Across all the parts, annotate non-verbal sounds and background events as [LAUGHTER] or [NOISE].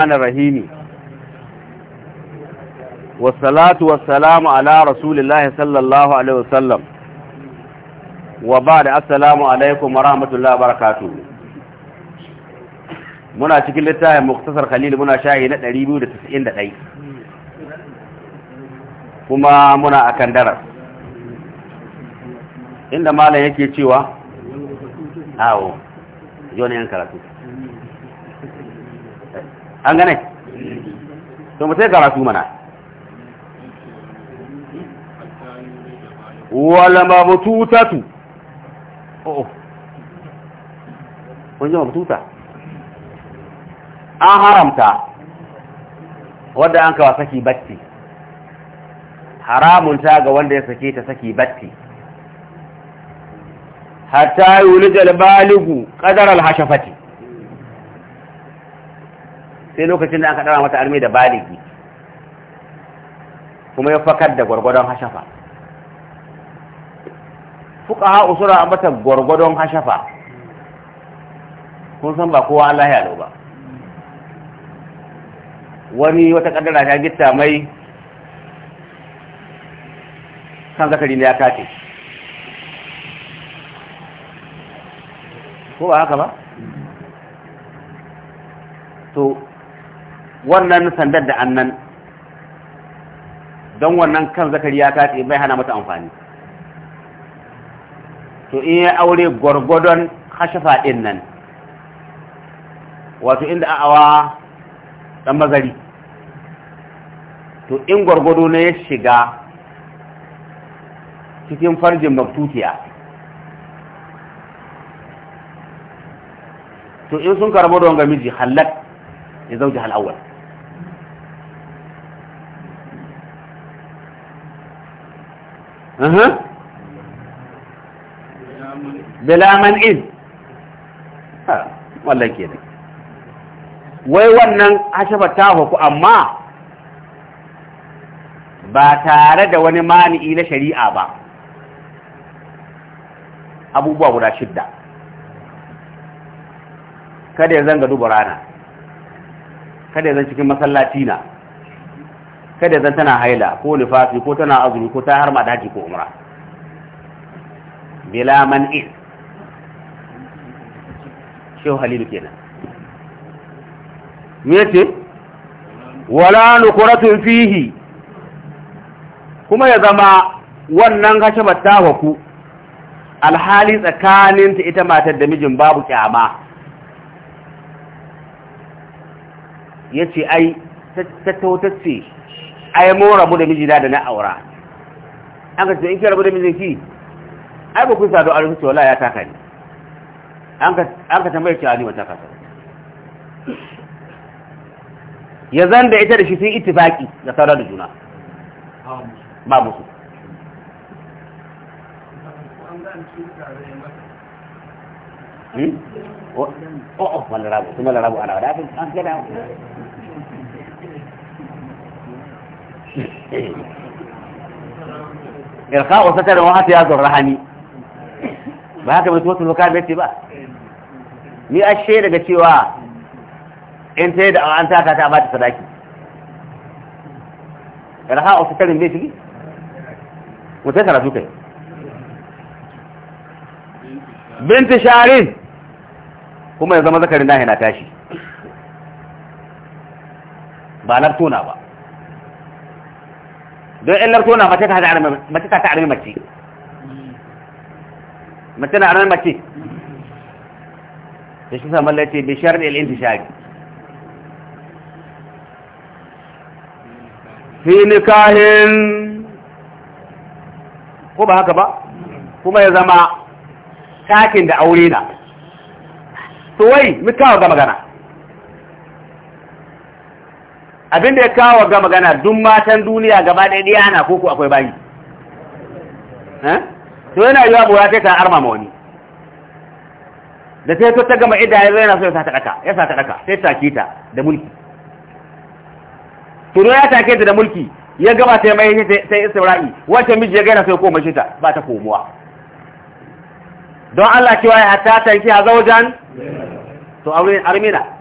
الرحمن الرحيم والصلاة والسلام ala رسول Sallallahu alaihi الله عليه وسلم وبعد السلام عليكم ورحمة الله وبركاته منا cikin littafin muktasar khalil muna shahi na 291 kuma muna akan darar inda malam yake cewa awo yan karatu an gane to mu sai karatu mana wala mabtutatu oh, oh. kun ji mabtuta an haramta wadda an kawa saki batti haramun ta ga wanda ya sake ta saki batti hatta yulija albaligu qadar al-hashafati sai lokacin da aka ɗara mata armi da baligi kuma ya fakar da gwargwadon hashafa fuka ha usura a mata gwargwadon hashafa kun san ba kowa Allah ya ba wani wata kaddara ta gitta mai kan zakari ne ya kace ko ba haka ba to wannan sandar da annan don wannan kan zakari ya tatse bai hana mata amfani to in ya aure gwargwadon hashafa ɗin nan wato inda awa ɗan mazari to in gwargwado na ya shiga cikin farjin maktutiya to in sun karbo don ga miji halak ya zauji halawar bila in, ke ne wai wannan ashaba ta huku amma ba tare da wani mani'i na shari'a ba abubuwa guda shidda kada ya zanga duba rana kada ya zan cikin masallaci na kada zan tana haila ko nifasi ko tana azumi ko ta har ma haji ko umra bila man'i shehu halilu kenan me yace wala nukuratun fihi kuma ya zama wannan gashe battawa ku alhali tsakaninta ita matar da mijin babu kyama yace ai tattautacce ai mu rabu da mijina da na aura an ka ce in ki rabu da mijinki ai ba kun sadu a rubuce wallahi ya taka ni an ka tambaye ki ali wata kasa ya zan da ita da shi sun ittifaki da sauran da juna ba musu hmm? Oh, oh, malah rabu, malah rabu anak-anak, angkat [LAUGHS] irka wa satar wa hata yazur rahani ba haka mai tuwatul wakar bai ce ba ni ashe daga cewa in ta yi da an taka ta ba ta sadaki irka wa satarin bai shigi mutai karatu kai binti shari kuma ya zama zakarin nahi na tashi ba na tona ba don in larko na mace ta ta armi mace mace na armi mace da shi samun lati bai shar da ilin tishari fi nikahin ko ba haka ba kuma ya zama takin da aure na to wai mikawa ga magana abinda ya kawo ga magana duk matan duniya gaba ɗaya ɗaya ana koko akwai bayi eh? to yana yiwa bora sai ta arma ma wani da sai ta gama ida ya zai na so ya sa ta ɗaka ya sa ta ɗaka sai ta kita da mulki to ya ta ta da mulki ya gama sai mai sai isra'i wacce miji ya gaina sai koma shi ta ba ta komowa don Allah cewa ya hatta tanki a zaujan to aure armina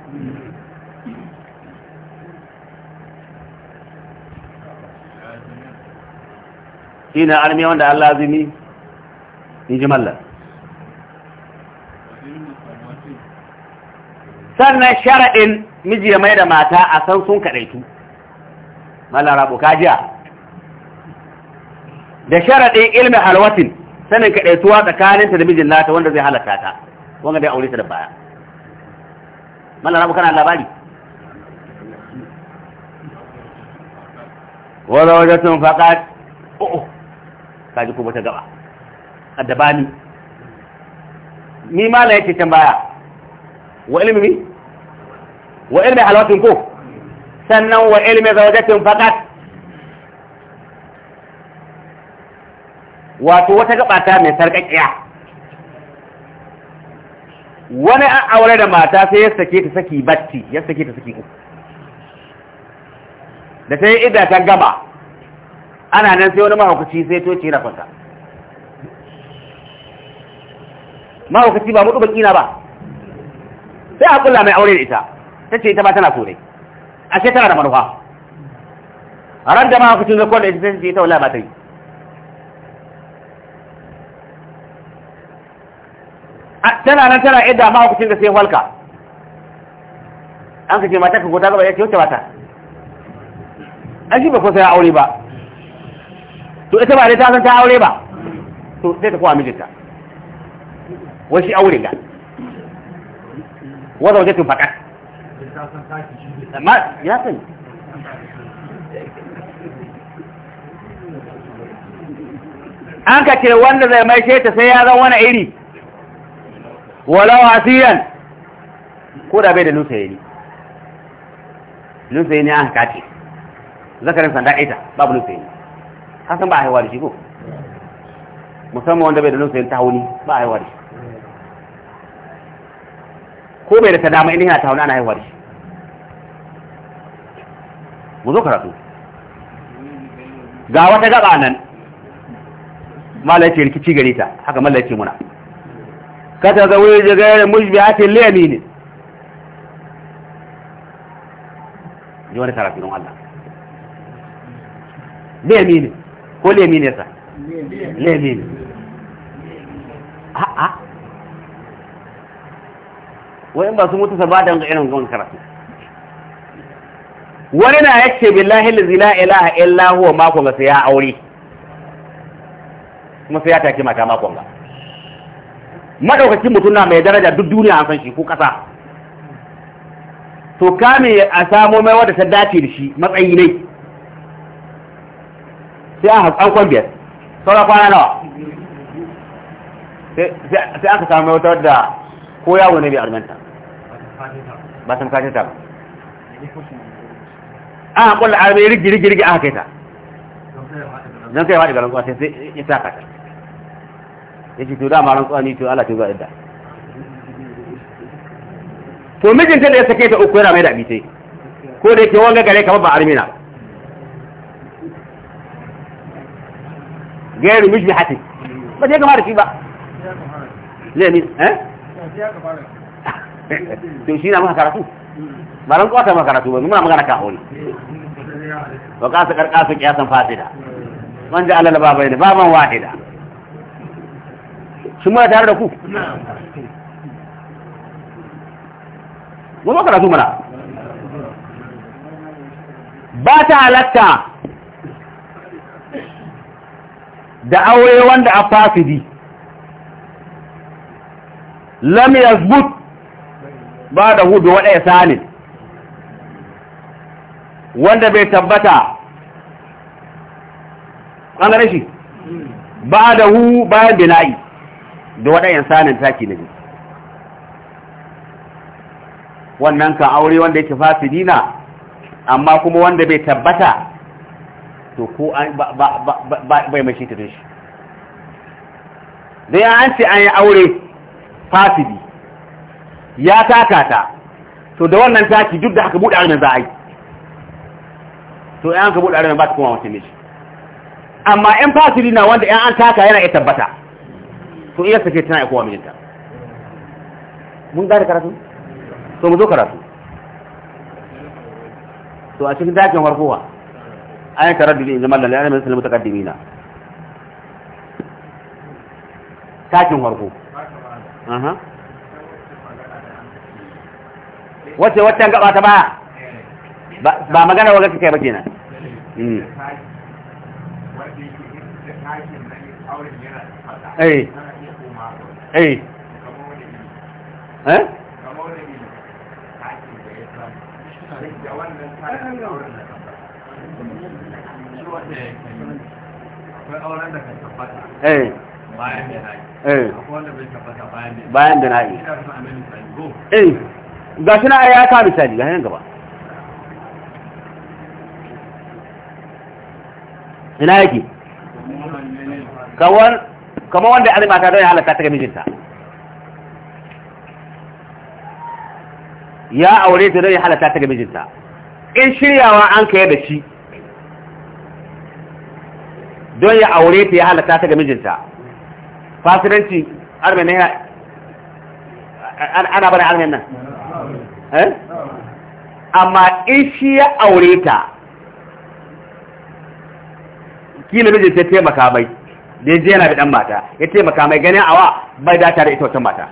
shi na armi wanda an lazimi in ji mallar sannan shara'in miji ya mai da mata a san sun kaɗaitu mallar ka jiya. da sharaɗin ilmi halwatin sanin kaɗaituwa tsakaninta da mijin nata wanda zai halatta ta wanda zai aure ta da baya mallar rabu kana labari wadda wajen sun faƙa oh, oh. kaji kuma ta gaba addabani ni ma la yake can baya wa ilmi wa ilmi halawatin ko sannan wa ilmi zawajatin faqat wato wata gaba ta mai sarƙaƙiya wani an aure da mata sai ya sake ta saki batti ya sake ta saki uku da ta yi ta gaba ana nan sai wani mahaukaci sai toce na kwanta mahaukaci ba mutu bakina ba sai a kulla mai aure da ita ta ce ita ba tana so a ashe tana da manufa a ran da mahaukacin zakon da ita ce ta wula ba ta yi tana nan tana yadda mahaukacin da sai walka an ka ce mata ka gota gaba ya ce wata mata an shi ba ko sai aure ba to ita ba dai ta san ta aure ba to sai ta kowa mijinta wai shi aure ga wanda waje tun fakat amma ya sani an ka ce wanda zai mai ta sai ya zan wani iri wala wasiyan ko da bai da yi ne yi ne an ce zakarin sanda ita babu yi ne hasan ba a haihuwa da shi ko musamman wanda bai da lusayin tahoni ba a haihuwa da shi ko bai da ta dama inda yana tahoni ana haihuwa da shi mu zo karatu ga wata gaba nan malaci rikici gare ta haka malaci muna kata ga wuri jigayar mujbihatin liyami ne yi wani don Allah liyami ne ko lemi ne sa lemi ne a'a wani ba su mutu ba don irin gwan karatu wani na yace billahi allazi la ilaha illa huwa mako ga sai ya aure kuma sai ya ke mata makon ga madaukakin mutum na mai daraja duk duniya an san shi ko kasa to kame a samo mai wadda ta dace da shi matsayi ne sai aka haƙan kwan biyar saura kwana nawa sai aka samu wata wadda ko yawo ne bai armenta ba sun kashe ta ba an haƙon da armai rigirigirigi aka kai ta don kai faɗi ga rantsuwa sai ya sa kata ya ce to dama rantsuwa ni to ala ce zuwa idda to mijinta da ya sake ta uku yana mai da abitai ko da yake wanga gare kamar ba armina ba gairu mujbihati ba ka fara shi ba lemi eh [LAUGHS] to shi na muka karatu ba ran kwata muka karatu ba muna magana kan aure wa kasa karkasu kiyasan fasida man ja'ala la babaina baban wahida shi muna tare da ku karatu mana da aure wanda a fasidi lam yazbut ba da hudu wada sanin wanda bai tabbata an gane shi ba da hu bayan bina'i da waɗannan sanin taki na biyu wannan kan aure wanda yake fasidina amma kuma wanda bai tabbata to ko an ba bai mai shi tare shi dai an ce an yi aure fasidi ya taka ta to da wannan taki duk da aka buɗe arnan za a yi to yan ka buɗe arnan ba ta kuma wace mishi amma yan fasidi na wanda yan an taka yana ya tabbata to iya sake tana ya kowa mijinta mun gane karatu to mu zo karatu to a cikin dakin farko ayin taraddudi in zama lalai ana min sulmu na takin warko wace waccan gaba ta ba ba magana waga kake ba kenan hmm. eh eh eh Eh. bayan eh. da na'i eh ga shi na ya misali ga gaba ina yake kama wanda ya alimata don ya halatta ta mijinta ya aure ta don ya halatta ta mijinta in shiryawa an kaya da shi don ya aure ta ya halatta ta ga mijinta fasiranci armen ne ana bane armen nan eh? amma in shi ya aure ta kila mijinta ya taimaka mai da je yana da dan mata ya taimaka mai ganin awa bai da tare ita wata mata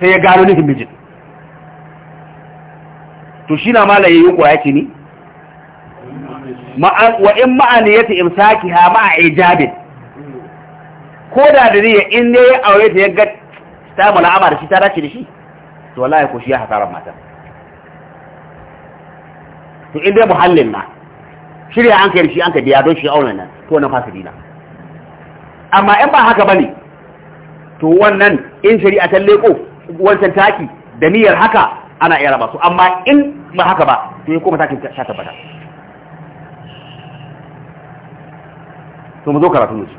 sai ya gano nufin mijin to shi na malaye yi ko ce ni wa in ma'aniyatu imsakiha ma'a ijabin ko da da ne in ne ya aure ta ya ta mula'ama da shi ta dace da shi to wallahi ko shi ya hasarar mata to in dai muhallin na shirya an kai shi an ka biya don shi aure nan to wannan fasidi na amma in ba haka bane to wannan in shari'a ta leko wancan taki da niyyar haka ana iya raba su amma in ba haka ba to ya koma takin sha tabbata to mu zo karatu mu ci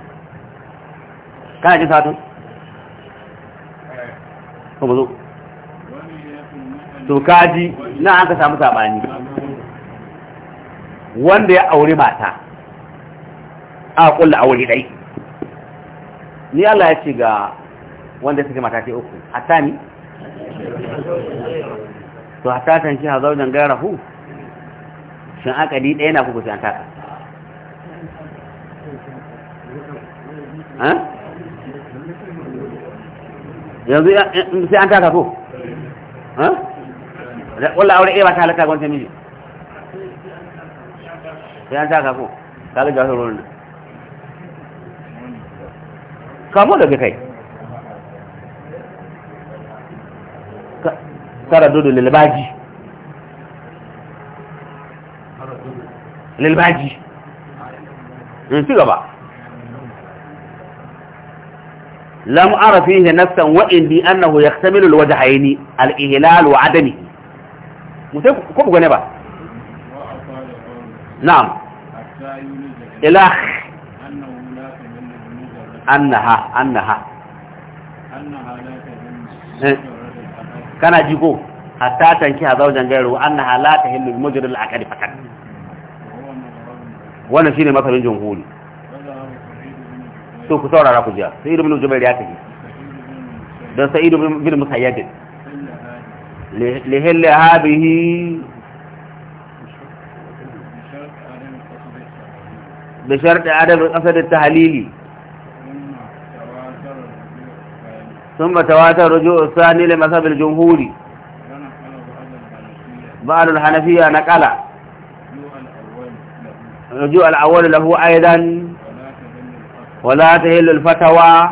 kana jin satun to mu zo to kaji na an ka samu sabani wanda ya aure mata a kulla aure dai ni Allah ya ce ga wanda suke mata ta uku hatta ni to hatta kan shi hazaujan gairahu shin akadi ɗaya na kuku sai an taka yanzu sai an taka ko wala aure eh ba ta halaka gwanta miji sai an taka ko kaga ga horo ne kamo daga kai kara dodo lilbaji lilbaji in hmm, ci gaba lam ara fihi nafsan wa annahu yahtamilu alwajhayn alihlal wa adami mutai ko ne ba na'am ilah annaha annaha kana jigo hatta tanki hazaujan gairu annaha la tahillu almujrim alaqad fakat wannan shine masalin jumhuri بشرط عدم قصد التحليل ثم تواتر رجوع الثاني لمذهب الجمهوري بعد الحنفية نقل رجوع الأول له أيضا ولا تهل الفتوى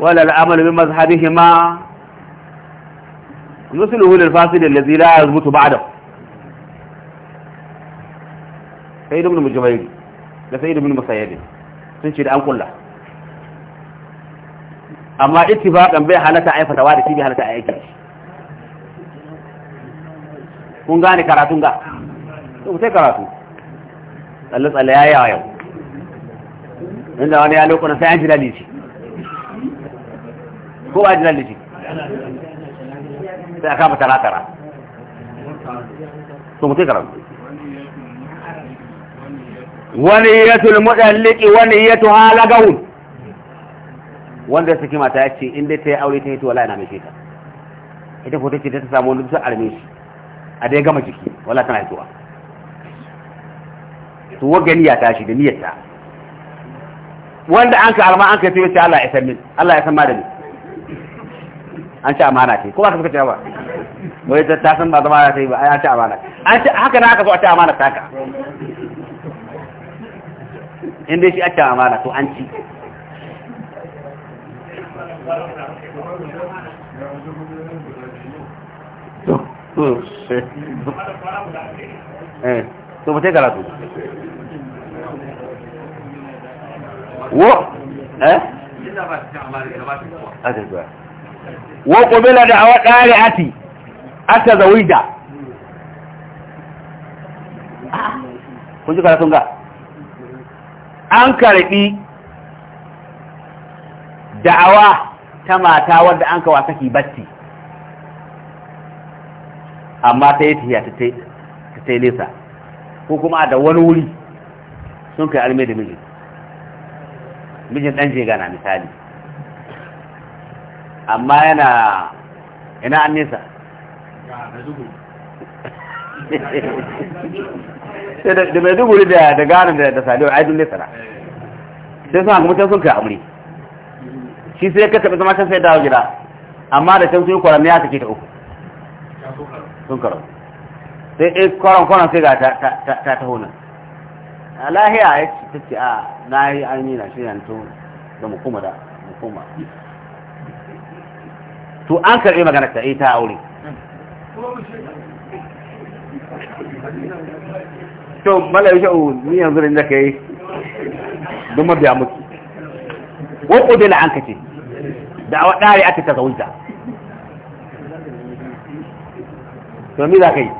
ولا العمل بمذهبهما مثله للفاسد الذي لا يثبت بعده سيد بن مجبير da sai ibn musayyib sun ce da an kulla amma ittifaqan bai halata ai fatawa da shi bai halata aiki kun gane karatun ga to sai karatu tsalle tsalle yau inda wani ya lokuna sai an ji lalle shi ko ba ji lalle shi sai a kama taratara su mutu karatu wani yatul mudalliki wani yatu halagawun wanda suke mata ya ce in dai ta yi aure ta yi tuwala yana mai shekar ita ko take ta samu wani dusar arme shi a dai gama jiki wala tana haihuwa to wa gani ya tashi da niyyar ta wanda an ka alama an ka ce Allah ya san min Allah ya san ma da ni an ci amana ce ko ba ka suka ce ba wai ta ta san ba zama ta yi ba an ci amana an ci haka na aka zo a ci amana ta ka in dai shi a ci amana to an ci to to eh, ba ta karatu Wo ƙubila eh? da awa ɗari ati aka zaui da ah, kun ji karatun ga an karɓi da'awa ta mata wadda an kawa saki batti amma ta yi tiya ta ta yi nesa ko kuma da wani wuri sun kai alme da mijin mijin ɗan jega na misali amma yana ina an nesa da mai duguri [LAUGHS] da da ganin da saliwa aidun nesa na eh. sai suna kuma can sun kai amuri shi sai ka taɓa zama can sai dawo gida amma da can sun yi kwaran ya kake ta uku sun karo sai ɗaya eh, kwaran kwaran sai ga ta ta ta ta lahiya ya ce ta ce a na yi an yi na shi yanto da mu da mu to an karbi magana ta ita aure to mala yi sha'u ni yanzu da yi don mabiya muke ko kodela an kace da awa dare aka ta zaunta to mi za ka yi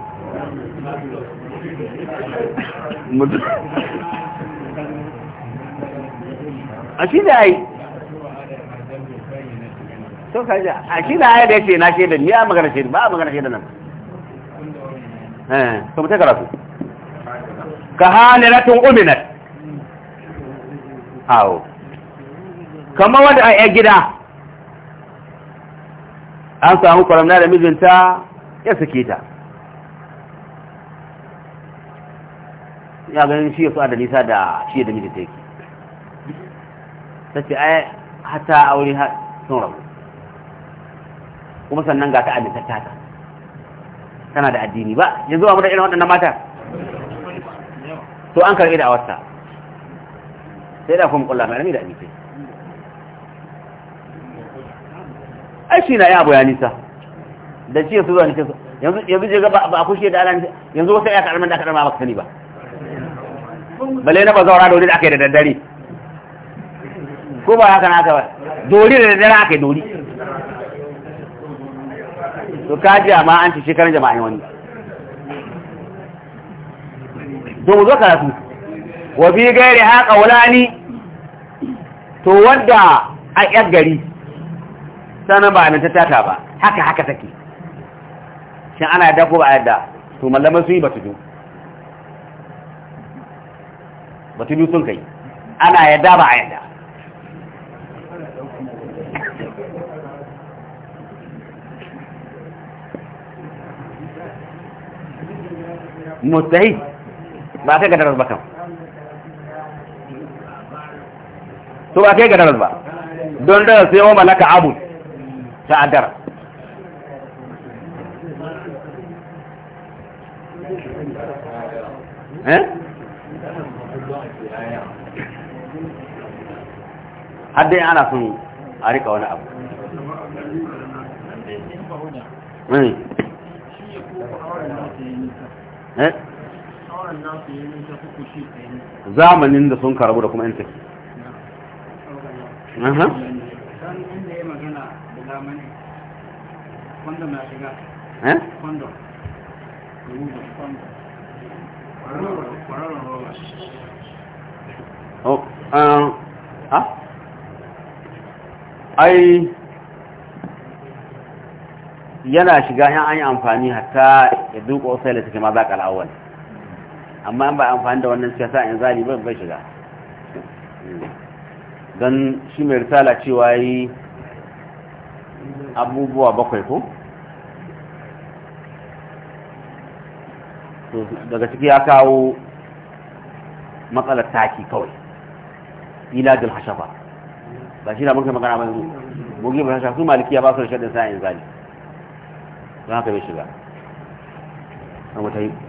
a shi da ai to kaja a shi da ai da yace na ke da ni a magana shi ba a magana shi da nan eh to mutai karatu ka haniratun uminat awo kamar wanda a gida an samu kwaramna da mijinta ya sake ta ya ganin shi su da nisa da shi da miji ta yake ta ce ai hata aure sun rabu kuma sannan ga ta amintacciya ta tana da addini ba yanzu ba mutane da irin waɗannan mata to an karɓi da awarta sai da kuma ƙulla mai rami da amince ai shi na ya abu ya nisa da shi su zuwa nisa yanzu je ga ba a kushe da ala yanzu wata ya karɓar da aka karɓar ba ka sani ba bale na bazaura dori da ake da daddare ko ba haka na aka ba dori da daddare aka yi dori to ji amma an ci shekarun jama'in wani to mu zo karatu wa bi gairi haka kaulani to wadda a yar gari sanan ba na tata ba haka haka take shin ana yadda ko ba yadda to mallamai sun yi ba su jo batu biyu sun kai ana yadda ba a yadda mustahid ba kai gadarar ba kan to ba kai gadarar ba don dara sai wa malaka abu ta adara eh har dai ana son a rika wani abu eh. Eh. zamanin da sun karabu da kuma yin tafi eh? Oh, um, huh? Ah? ai yana shiga yan an yi amfani hatta ya duka wasu yalata ke ma za a awal amma yan ba amfani da wannan siyasa in zali ba bai shiga don shi mai risala cewa yi abubuwa bakwai ko daga ciki ya kawo matsalar taki kawai ila hashafa ba shi da muka magana ba yanzu bogi ba shafi ya ba su da shaɗin sa'in zali don haka bai shiga an wata yi